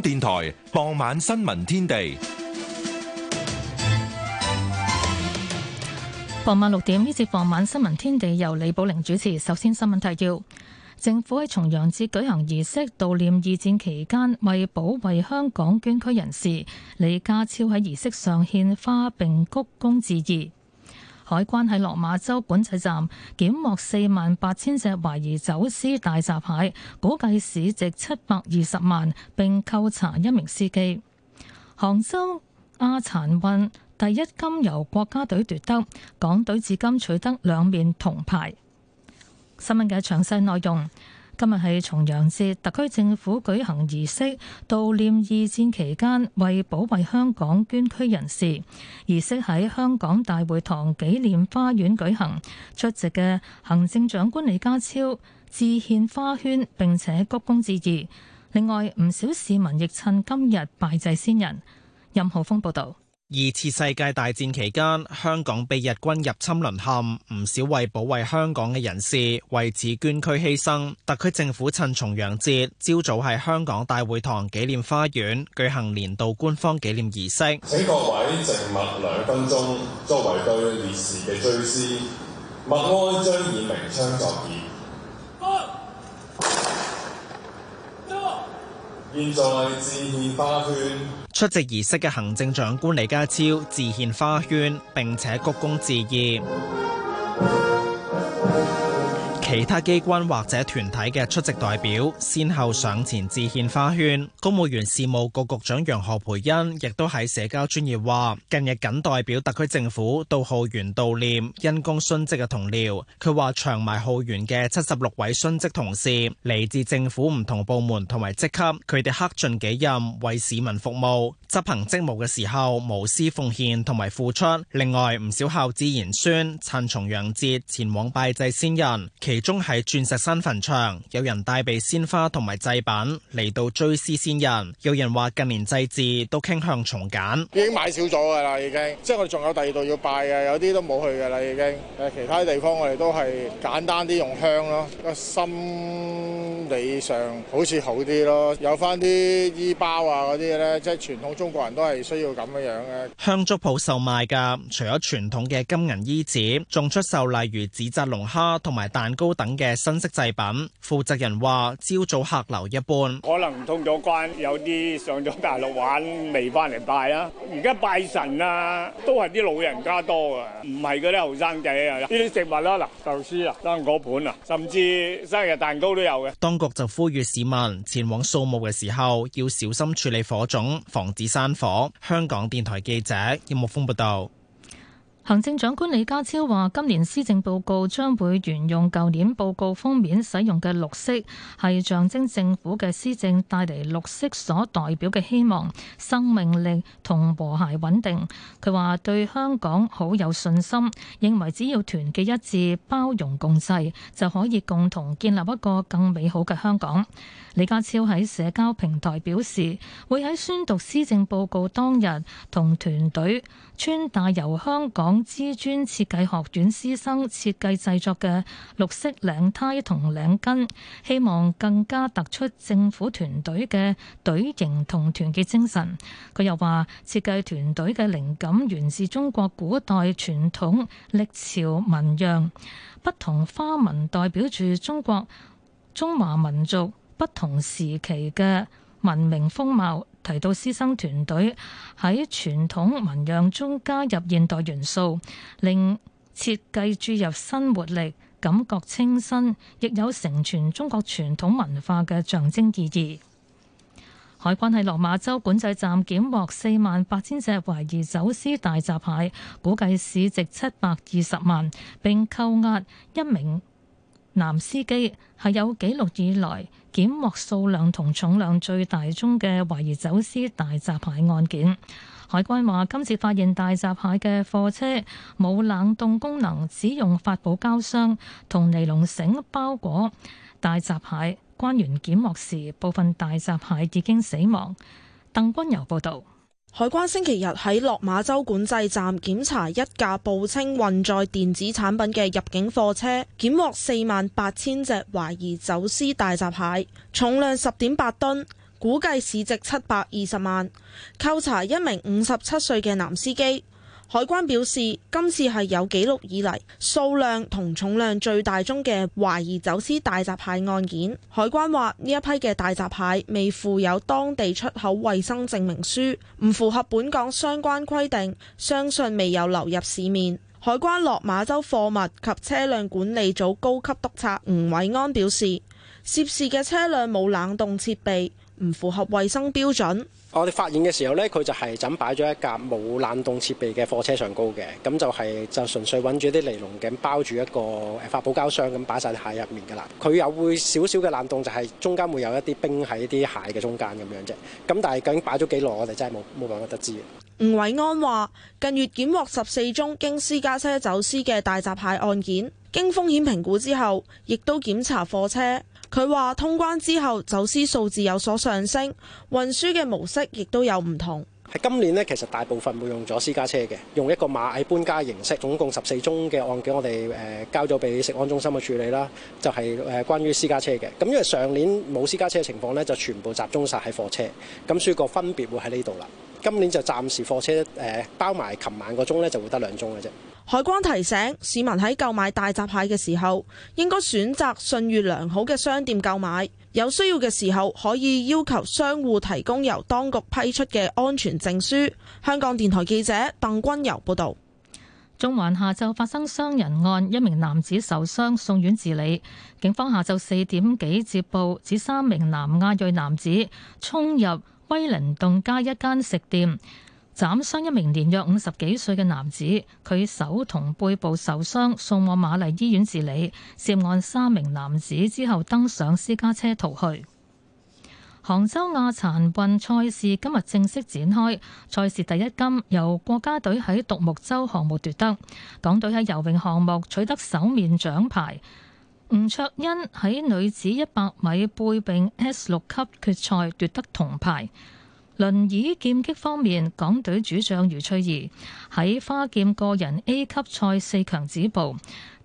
電臺傍晚新聞天地，傍晚六點呢節傍晚新聞天地由李寶玲主持。首先新聞提要：政府喺重陽節舉行儀式悼念二戰期間為保衛香港捐軀人士。李家超喺儀式上獻花並鞠躬致意。海關喺落馬洲管制站檢獲四萬八千隻懷疑走私大閘蟹，估計市值七百二十萬，並扣查一名司機。杭州亞殘運第一金由國家隊奪得，港隊至今取得兩面銅牌。新聞嘅詳細內容。今日係重陽節，特區政府舉行儀式，悼念二戰期間為保衛香港捐軀人士。儀式喺香港大會堂紀念花園舉行，出席嘅行政長官李家超致獻花圈，並且鞠躬致意。另外，唔少市民亦趁今日拜祭先人。任浩峰報導。二次世界大戰期間，香港被日軍入侵淪陷，唔少為保衛香港嘅人士為此捐軀犧牲。特區政府趁重陽節朝早喺香港大會堂紀念花園舉行年度官方紀念儀式。請各位靜默兩分鐘，作為對烈士嘅追思，默哀將以鳴槍作結。啊啊、現在致獻花圈。出席儀式嘅行政長官李家超致獻花圈，並且鞠躬致意。其他機關或者團體嘅出席代表先後上前致獻花圈，公務員事務局局長楊何蓓茵亦都喺社交專頁話：近日謹代表特區政府到浩園悼念因公殉職嘅同僚。佢話長埋浩園嘅七十六位殉職同事嚟自政府唔同部門同埋職級，佢哋恪盡己任，為市民服務，執行職務嘅時候無私奉獻同埋付出。另外唔少孝子賢孫趁重陽節前往拜祭先人，中係鑽石山墳場，有人帶備鮮花同埋祭品嚟到追思先人。有人話近年祭祀都傾向從簡，已經買少咗噶啦，已經。即係我哋仲有第二度要拜嘅，有啲都冇去噶啦已經。誒，其他地方我哋都係簡單啲用香咯，個心理上好似好啲咯。有翻啲衣包啊嗰啲咧，即係傳統中國人都係需要咁樣樣嘅。香燭鋪售賣噶，除咗傳統嘅金銀衣紙，仲出售例如紙紮龍蝦同埋蛋糕。等嘅新式祭品，負責人話：朝早客流一般，可能通咗關，有啲上咗大陸玩未翻嚟拜啦。而家拜神啊，都係啲老人家多啊，唔係嗰啲後生仔啊。呢啲食物啦，嗱，壽司啊，生果盤啊，甚至生日蛋糕都有嘅。當局就呼籲市民前往掃墓嘅時候，要小心處理火種，防止山火。香港電台記者葉木風報道。行政長官李家超話：今年施政報告將會沿用舊年報告封面使用嘅綠色，係象徵政府嘅施政帶嚟綠色所代表嘅希望、生命力同和，和諧穩定。佢話對香港好有信心，認為只要團結一致、包容共濟，就可以共同建立一個更美好嘅香港。李家超喺社交平台表示，會喺宣讀施政報告當日同團隊穿戴由香港。港知專設計學院師生設計製作嘅綠色領呔同領巾，希望更加突出政府團隊嘅隊形同團結精神。佢又話，設計團隊嘅靈感源自中國古代傳統歷朝紋樣，不同花紋代表住中國中華民族不同時期嘅。文明風貌提到，師生團隊喺傳統紋樣中加入現代元素，令設計注入新活力，感覺清新，亦有承傳中國傳統文化嘅象徵意義。海關喺落馬洲管制站檢獲四萬八千隻懷疑走私大閘蟹、蟹，估計市值七百二十萬，並扣押一名。男司機係有紀錄以來檢獲數量同重量最大宗嘅懷疑走私大閘蟹案件。海關話今次發現大閘蟹嘅貨車冇冷凍功能，只用發泡膠箱同尼龍繩包裹大閘蟹。關員檢獲時，部分大閘蟹已經死亡。鄧君遊報導。海關星期日喺落馬洲管制站檢查一架報稱運載電子產品嘅入境貨車，檢獲四萬八千隻懷疑走私大閘蟹，重量十點八噸，估計市值七百二十萬，扣查一名五十七歲嘅男司機。海關表示，今次係有記錄以嚟數量同重量最大宗嘅懷疑走私大閘蟹案件。海關話呢一批嘅大閘蟹未附有當地出口衛生證明書，唔符合本港相關規定，相信未有流入市面。海關落馬洲貨物及車輛管理組高級督察吳偉安表示，涉事嘅車輛冇冷凍設備，唔符合衛生標準。我哋發現嘅時候呢，佢就係就咁擺咗一架冇冷凍設備嘅貨車上高嘅，咁就係、是、就純粹揾住啲尼龍錦包住一個發泡膠箱咁擺晒啲蟹入面噶啦，佢有會少少嘅冷凍就係、是、中間會有一啲冰喺啲蟹嘅中間咁樣啫，咁但係究竟擺咗幾耐我哋真係冇冇辦法得知嘅。吳偉安話：近月檢獲十四宗經私家車走私嘅大閘蟹案件，經風險評估之後，亦都檢查貨車。佢話通關之後走私數字有所上升，運輸嘅模式亦都有唔同。係今年呢，其實大部分會用咗私家車嘅，用一個螞蟻搬家形式。總共十四宗嘅案件，我哋誒交咗俾食安中心嘅處理啦。就係、是、誒關於私家車嘅。咁因為上年冇私家車嘅情況呢，就全部集中晒喺貨車。咁所以個分別會喺呢度啦。今年就暫時貨車誒包埋，琴晚個鐘呢，就會得兩宗嘅啫。海關提醒市民喺購買大閘蟹嘅時候，應該選擇信譽良好嘅商店購買。有需要嘅時候，可以要求商戶提供由當局批出嘅安全證書。香港電台記者鄧君柔報道。中環下晝發生傷人案，一名男子受傷送院治理。警方下晝四點幾接報，指三名南亞裔男子衝入威靈頓街一間食店。斬傷一名年約五十幾歲嘅男子，佢手同背部受傷，送往瑪麗醫院治理。涉案三名男子之後登上私家車逃去。杭州亞殘運賽事今日正式展開，賽事第一金由國家隊喺獨木舟項目奪得。港隊喺游泳項目取得首面獎牌，吳卓恩喺女子一百米背泳 S 六級決賽奪得銅牌。輪椅劍擊方面，港隊主將余翠儀喺花劍個人 A 級賽四強止步，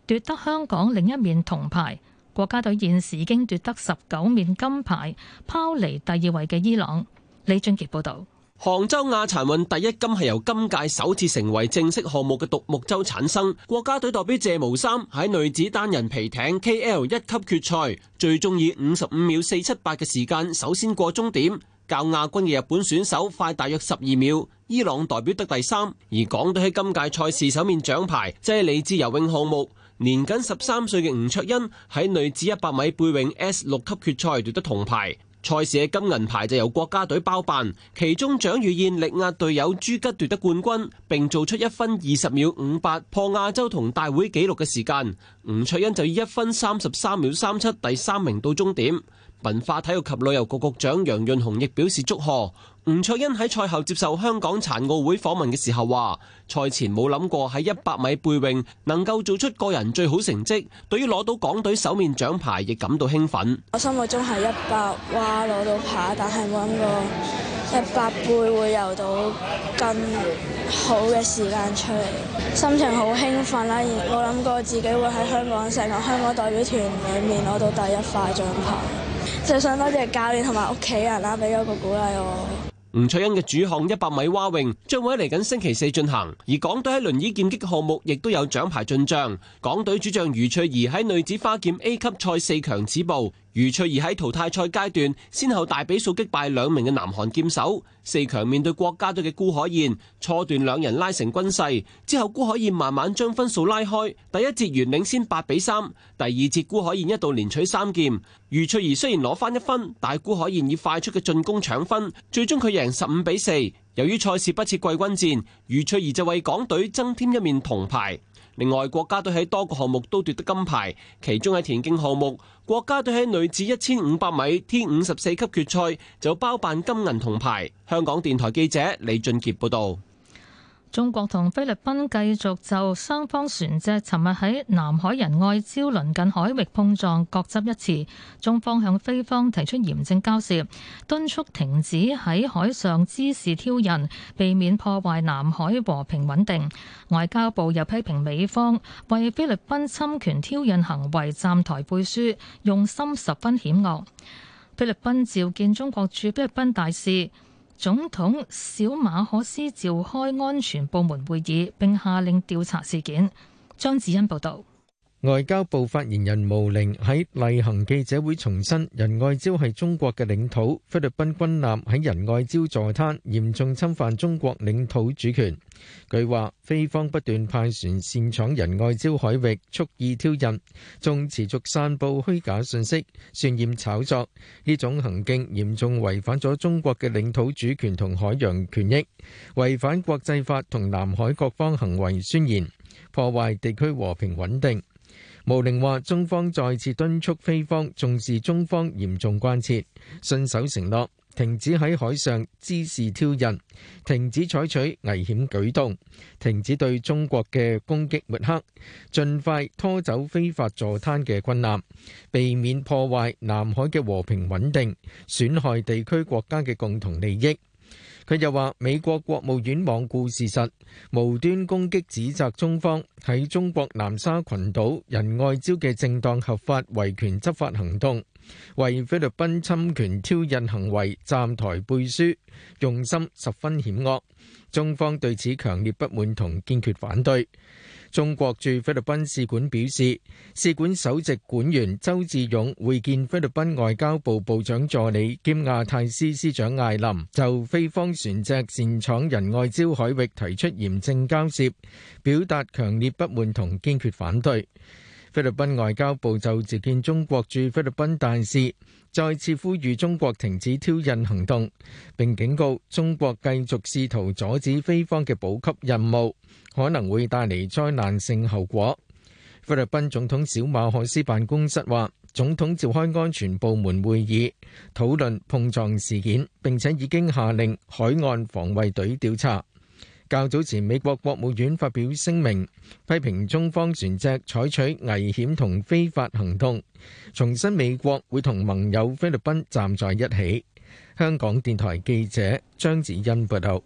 奪得香港另一面銅牌。國家隊現時已經奪得十九面金牌，拋離第二位嘅伊朗。李俊傑報道：杭州亞殘運第一金係由今屆首次成為正式項目嘅獨木舟產生。國家隊代表謝無三喺女子單人皮艇 KL 一級決賽，最終以五十五秒四七八嘅時間，首先過終點。較亞軍嘅日本選手快大約十二秒，伊朗代表得第三。而港隊喺今屆賽事首面獎牌，即係嚟自游泳項目，年僅十三歲嘅吳卓恩喺女子一百米背泳 S 六級決賽奪得銅牌。賽事嘅金銀牌就由國家隊包辦，其中蔣雨燕力壓隊友朱吉奪得冠軍，並做出一分二十秒五八破亞洲同大會紀錄嘅時間，吳卓恩就以一分三十三秒三七第三名到終點。文化體育及旅遊局局長楊潤雄亦表示祝賀。吳卓欣喺賽後接受香港殘奧會訪問嘅時候話：賽前冇諗過喺一百米背泳能夠做出個人最好成績，對於攞到港隊首面獎牌亦感到興奮。我心目中係一百蛙，攞到牌，但係冇諗過一百背會游到更好嘅時間出嚟，心情好興奮啦！冇諗過自己會喺香港成個香港代表團裡面攞到第一塊獎牌。就係想多謝教練同埋屋企人啦，俾咗個鼓勵我。吳翠欣嘅主項一百米蛙泳將會喺嚟緊星期四進行，而港隊喺輪椅劍擊項目亦都有獎牌進賬。港隊主將余翠怡喺女子花劍 A 級賽四強止步。余翠怡喺淘汰賽階段先後大比數擊敗兩名嘅南韓劍手，四強面對國家隊嘅辜海燕，錯斷兩人拉成均勢，之後辜海燕慢慢將分數拉開，第一節完領先八比三，第二節辜海燕一度連取三劍，余翠怡雖然攞翻一分，但辜海燕以快速嘅進攻搶分，最終佢贏十五比四。由於賽事不設季軍戰，余翠怡就為港隊增添一面銅牌。另外，國家隊喺多個項目都奪得金牌，其中喺田徑項目，國家隊喺女子一千五百米 T 五十四級決賽就包辦金銀銅牌。香港電台記者李俊傑報道。中國同菲律賓繼續就雙方船隻昨日喺南海仁愛礁鄰近海域碰撞各執一詞，中方向菲方提出嚴正交涉，敦促停止喺海上滋事挑釁，避免破壞南海和平穩定。外交部又批評美方為菲律賓侵權挑釁行為站台背書，用心十分險惡。菲律賓召見中國駐菲律賓大使。總統小馬可斯召開安全部門會議，並下令調查事件。張子欣報導。外交部發言人毛寧喺例行記者會重申，仁愛礁係中國嘅領土，菲律賓軍艦喺仁愛礁坐灘，嚴重侵犯中國領土主權。佢話，菲方不斷派船擅闖仁愛礁海域，蓄意挑釁，仲持續散布虛假信息、渲染炒作，呢種行徑嚴重違反咗中國嘅領土主權同海洋權益，違反國際法同南海各方行為宣言，破壞地區和平穩定。毛寧話：中方再次敦促菲方重視中方嚴重關切，信守承諾，停止喺海上滋事挑釁，停止採取危險舉動，停止對中國嘅攻擊抹黑，盡快拖走非法坐攤嘅困難，避免破壞南海嘅和平穩定，損害地區國家嘅共同利益。佢又話：美國國務院罔顧事實，無端攻擊指責中方喺中國南沙群島仁愛礁嘅正當合法維權執法行動，為菲律賓侵權挑釁行為站台背書，用心十分險惡。中方對此強烈不滿同堅決反對。中國駐菲律賓使館表示，使館首席館員周志勇會見菲律賓外交部部長助理兼亞太司司長艾林，就菲方船隻擅闖仁愛礁海域提出嚴正交涉，表達強烈不滿同堅決反對。菲律賓外交部就接見中國駐菲律賓大使，再次呼籲中國停止挑釁行動，並警告中國繼續試圖阻止菲方嘅補給任務，可能會帶嚟災難性後果。菲律賓總統小馬可斯辦公室話：總統召開安全部門會議，討論碰撞事件，並且已經下令海岸防衛隊調查。較早前，美國國務院發表聲明，批評中方船隻採取危險同非法行動，重申美國會同盟友菲律賓站在一起。香港電台記者張子欣報道，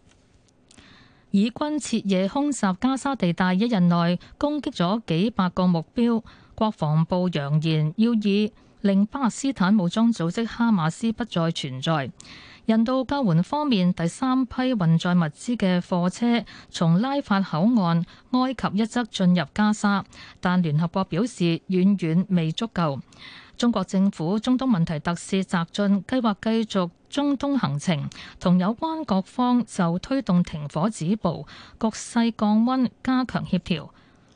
以軍徹夜空襲加沙地帶，一日內攻擊咗幾百個目標。國防部揚言要以令巴勒斯坦武裝組織哈馬斯不再存在。人道救援方面，第三批運載物資嘅貨車從拉法口岸埃及一側進入加沙，但聯合國表示遠遠未足夠。中國政府中東問題特使澤進計劃繼續中東行程，同有關各方就推動停火止暴、局勢降溫、加強協調。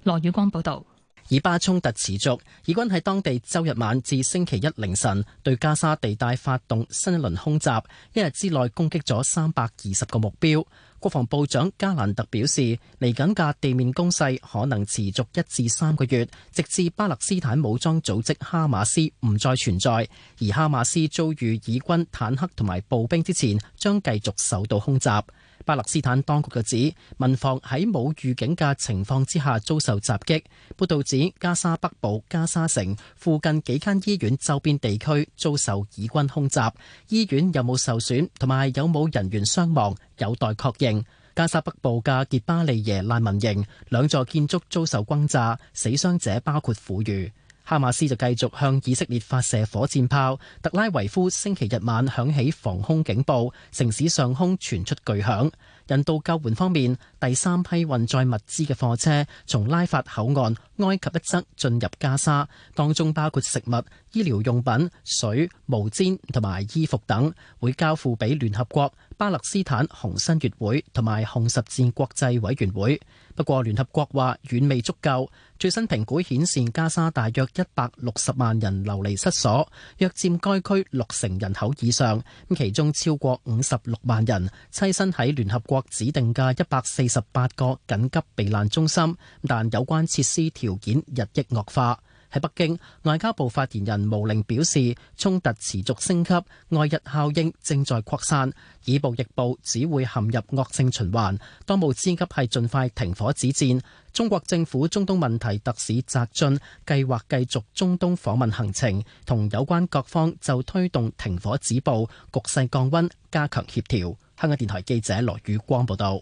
羅宇光報導。以巴衝突持續，以軍喺當地周日晚至星期一凌晨對加沙地帶發動新一輪空襲，一日之內攻擊咗三百二十個目標。國防部長加蘭特表示，嚟緊嘅地面攻勢可能持續一至三個月，直至巴勒斯坦武裝組織哈馬斯唔再存在。而哈馬斯遭遇以軍坦克同埋步兵之前將繼，將繼續受到空襲。巴勒斯坦當局就指民房喺冇預警嘅情況之下遭受襲擊。報道指加沙北部加沙城附近幾間醫院周邊地區遭受以軍空襲，醫院有冇受損同埋有冇人員傷亡有待確認。加沙北部嘅傑巴利耶難民營兩座建築遭受轟炸，死傷者包括婦孺。哈馬斯就繼續向以色列發射火箭炮，特拉維夫星期日晚響起防空警報，城市上空傳出巨響。人道救援方面，第三批運載物資嘅貨車從拉法口岸埃及一側進入加沙，當中包括食物、醫療用品、水、毛毯同埋衣服等，會交付俾聯合國、巴勒斯坦紅新月會同埋紅十字國際委員會。不過聯合國話遠未足夠，最新評估顯示加沙大約一百六十萬人流離失所，約佔該區六成人口以上，其中超過五十六萬人棲身喺聯合國指定嘅一百四十八個緊急避難中心，但有關設施條件日益惡化。喺北京，外交部發言人毛寧表示，衝突持續升級，外日效應正在擴散，以暴易暴只會陷入惡性循環。當務之急係盡快停火止戰。中國政府中東問題特使翟俊計劃繼續中東訪問行程，同有關各方就推動停火止暴、局勢降温加強協調。香港電台記者羅宇光報道。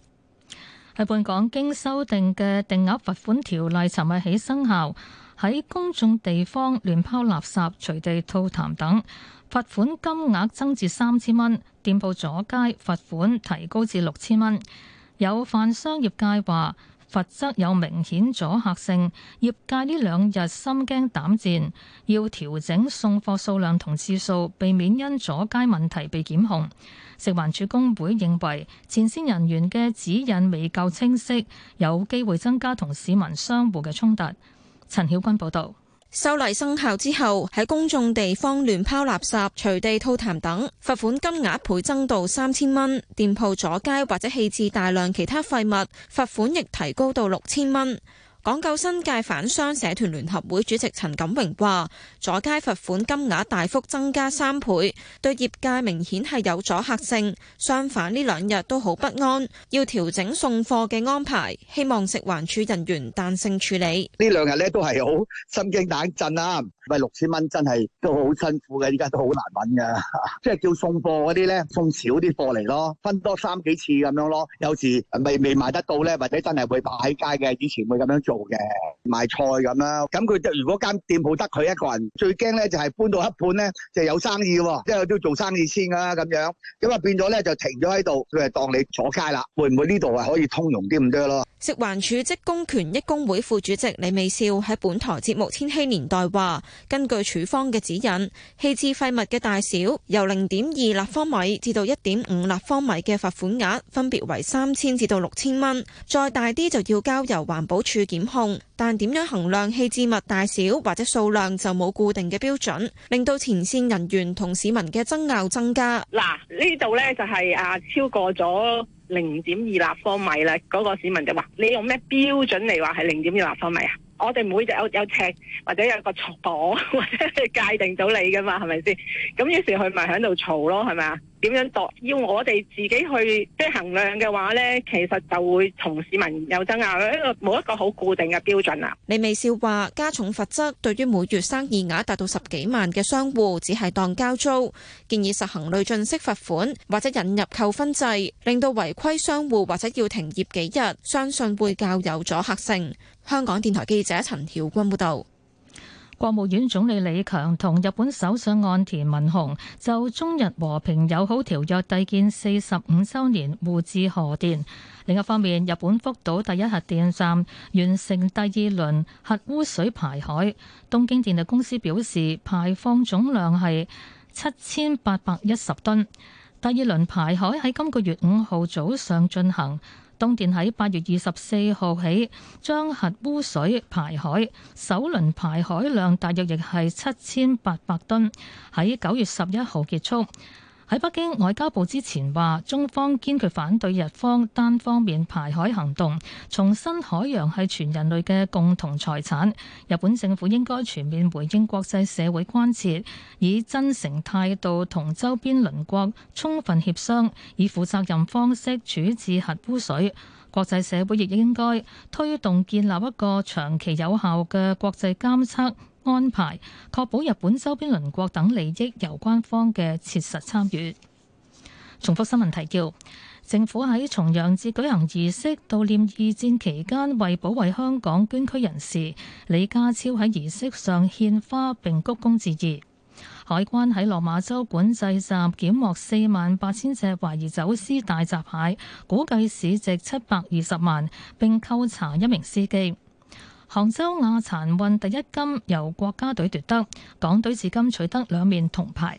喺本港經修訂嘅定額罰款條例，尋日起生效。喺公眾地方亂拋垃圾、隨地吐痰等，罰款金額增至三千蚊；店鋪阻街罰款提高至六千蚊。有販商業界話罰則有明顯阻嚇性，業界呢兩日心驚膽戰，要調整送貨數量同次數，避免因阻街問題被檢控。食環署工會認為前線人員嘅指引未夠清晰，有機會增加同市民相互嘅衝突。陳曉君報導，修例生效之後，喺公眾地方亂拋垃圾、隨地吐痰等，罰款金額倍增到三千蚊；店鋪阻街或者棄置大量其他廢物，罰款亦提高到六千蚊。港九新界反商社團聯合會主席陳錦榮話，阻街罰款金額大幅增加三倍，對業界明顯係有阻嚇性。相反呢兩日都好不安，要調整送貨嘅安排，希望食環署人員彈性處理。呢兩日呢都係好心驚膽震啊！咪六千蚊真係都好辛苦嘅，依家都好難揾㗎。即係叫送貨嗰啲咧，送少啲貨嚟咯，多分多三幾次咁樣咯。有時未未賣得到咧，或者真係會擺喺街嘅。以前會咁樣做嘅賣菜咁啦。咁佢如果間店鋪得佢一個人，最驚咧就係搬到一半咧，就有生意喎，即係都要做生意先啦、啊、咁樣。咁啊變咗咧就停咗喺度，佢係當你坐街啦。會唔會呢度係可以通融啲唔得咯？食環署職工權益工會副主席李美笑喺本台節目《千禧年代》話：根據署方嘅指引，棄置廢物嘅大小由零點二立方米至到一點五立方米嘅罰款額，分別為三千至到六千蚊，再大啲就要交由環保署檢控。但點樣衡量棄置物大小或者數量就冇固定嘅標準，令到前線人員同市民嘅爭拗增加。嗱，呢度呢就係啊，超過咗。零點二立方米咧，嗰、那個市民就話：你用咩標準嚟話係零點二立方米啊？我哋每隻有有尺，或者有個床，磅，或者界定到你㗎嘛，係咪先？咁於是佢咪喺度嘈咯，係咪啊？點樣度？要我哋自己去即係衡量嘅話，呢其實就會同市民有爭拗啦。一個冇一個好固定嘅標準啊。李微笑話加重罰則對於每月生意額達到十幾萬嘅商戶只係當交租，建議實行累進式罰款或者引入扣分制，令到違規商戶或者要停業幾日，相信會較有阻嚇性。香港電台記者陳曉君報道。國務院總理李強同日本首相岸田文雄就中日和平友好條約締結四十五周年互致賀電。另一方面，日本福島第一核電站完成第二輪核污水排海，東京電力公司表示排放總量係七千八百一十噸。第二輪排海喺今個月五號早上進行，東電喺八月二十四號起將核污水排海，首輪排海量大約亦係七千八百噸，喺九月十一號結束。喺北京，外交部之前話中方堅決反對日方單方面排海行動，重申海洋係全人類嘅共同財產，日本政府應該全面回應國際社會關切，以真誠態度同周邊鄰國充分協商，以負責任方式處置核污水。國際社會亦應該推動建立一個長期有效嘅國際監測。安排，確保日本周邊鄰國等利益由官方嘅切實參與。重複新聞提要，政府喺重陽節舉行儀式悼念二戰期間為保衛香港捐軀人士。李家超喺儀式上獻花並鞠躬致意。海關喺落馬洲管制站檢獲四萬八千隻懷疑走私大閘蟹，估計市值七百二十萬，並扣查一名司機。杭州亞殘運第一金由國家隊奪得，港隊至今取得兩面銅牌。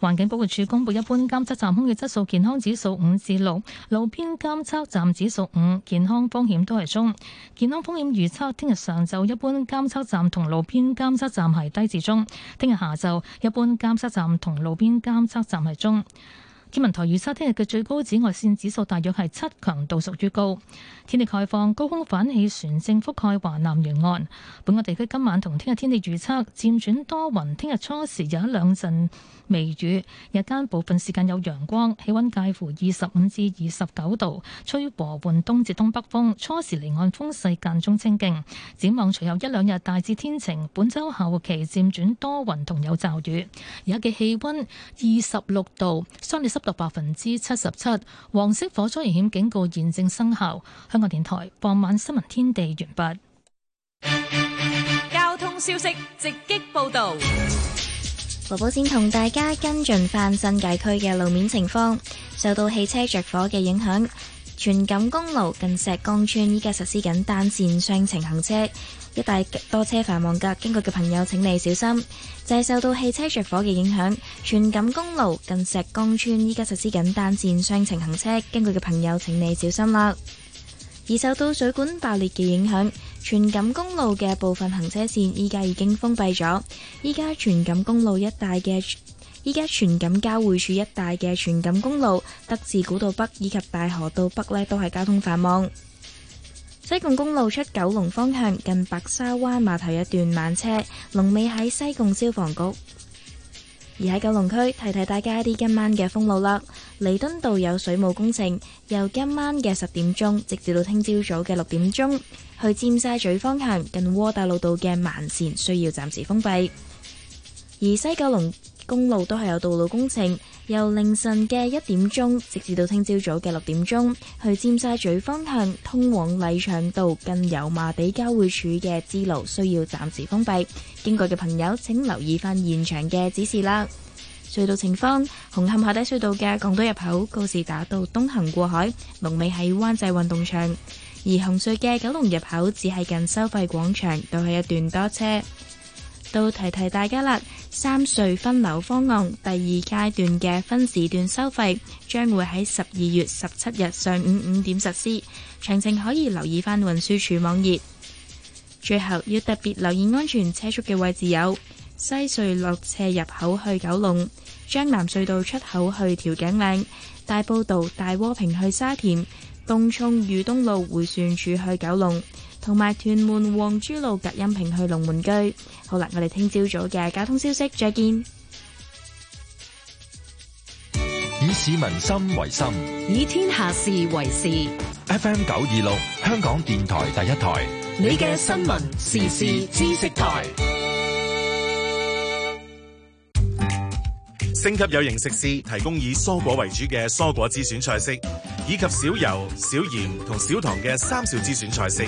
環境保護署公布一般監測站空氣質素健康指數五至六，路邊監測站指數五，健康風險都係中。健康風險預測，聽日上晝一般監測站同路邊監測站係低至中，聽日下晝一般監測站同路邊監測站係中。天文台預測聽日嘅最高紫外線指數大約係七，強度屬於高。天氣概況：高空反氣旋正覆蓋華南沿岸。本港地區今晚同聽日天氣預測漸轉多雲，聽日初時有一兩陣微雨，日間部分時間有陽光。氣温介乎二十五至二十九度，吹和緩東至東北風，初時離岸風勢間中清勁。展望隨後一兩日大致天晴，本周後期漸轉多雲同有驟雨。而家嘅氣温二十六度，相對濕。達百分之七十七，黃色火災危險警告現正生效。香港電台傍晚新聞天地完畢。交通消息直擊報道。羅寶先同大家跟進返新界區嘅路面情況，受到汽車着火嘅影響。荃錦公路近石崗村依家實施緊單線雙程行車，一帶多車繁忙噶，經過嘅朋友請你小心。就係受到汽車着火嘅影響，荃錦公路近石崗村依家實施緊單線雙程行車，經過嘅朋友請你小心啦。而受到水管爆裂嘅影響，荃錦公路嘅部分行車線依家已經封閉咗，依家荃錦公路一帶嘅。依家荃錦交匯處一帶嘅荃錦公路，德士古道北以及大河道北呢，都係交通繁忙。西貢公路出九龍方向近白沙灣碼頭一段慢車，龍尾喺西貢消防局。而喺九龍區提提大家一啲今晚嘅封路啦。彌敦道有水務工程，由今晚嘅十點鐘直至到聽朝早嘅六點鐘，去尖沙咀方向近窩打老道嘅慢線需要暫時封閉。而西九龍。公路都係有道路工程，由凌晨嘅一點鐘直至到聽朝早嘅六點鐘，去尖沙咀方向通往麗翔道跟油麻地交匯處嘅支路需要暫時封閉，經過嘅朋友請留意翻現場嘅指示啦。隧道情況，紅磡海底隧道嘅港島入口告士打道東行過海，龍尾喺灣仔運動場；而紅隧嘅九龍入口只係近收費廣場，都係一段多車。都提提大家啦，三隧分流方案第二階段嘅分時段收費將會喺十二月十七日上午五點實施，詳情可以留意翻運輸署網頁。最後要特別留意安全車速嘅位置有西隧落斜入口去九龍、將南隧道出口去調景嶺、大埔道大窩坪去沙田、東涌裕東路迴旋處去九龍。同埋屯門皇珠路隔音屏去龍門居。好啦，我哋聽朝早嘅交通消息再見。以市民心為心，以天下事為事。FM 九二六，香港電台第一台，你嘅新聞時事知識台。星級有形食肆提供以蔬果為主嘅蔬果之選菜式，以及少油、少鹽同少糖嘅三少之選菜式。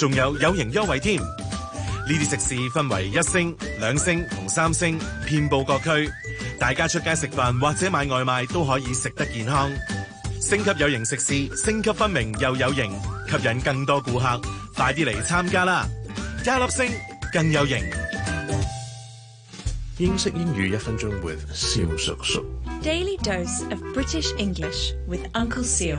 仲有有型優惠添，呢啲食肆分為一星、兩星同三星，遍佈各區。大家出街食飯或者買外賣都可以食得健康。星級有型食肆，星級分明又有型，吸引更多顧客。快啲嚟參加啦！一粒星更有型。英式英語一分鐘，with 蕭叔叔。Daily dose of British English with Uncle Siu。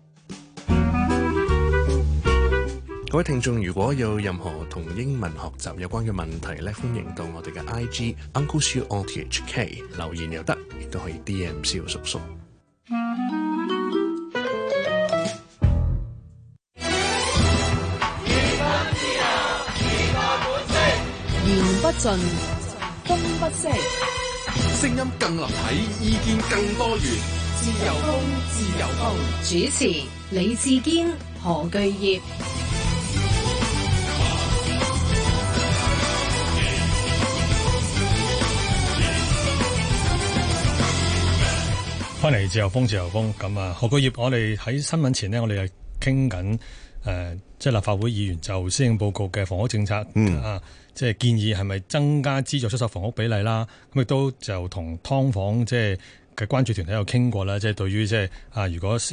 各位聽眾，如果有任何同英文學習有關嘅問題咧，歡迎到我哋嘅 I G Uncle Sir O T H K 留言又得，亦都可以 D M Sir 叔叔。自自言不盡，風不息，聲音更立體，意見更多元。自由風，自由風，主持李志堅、何巨業。翻嚟自由風，自由風咁啊！何國業，我哋喺新聞前呢，我哋係傾緊誒，即係立法會議員就施政報告嘅房屋政策、嗯、啊，即係建議係咪增加資助出售房屋比例啦？咁、啊、亦都就同劏房即係嘅關注團體有傾過啦，即係對於即係啊，如果。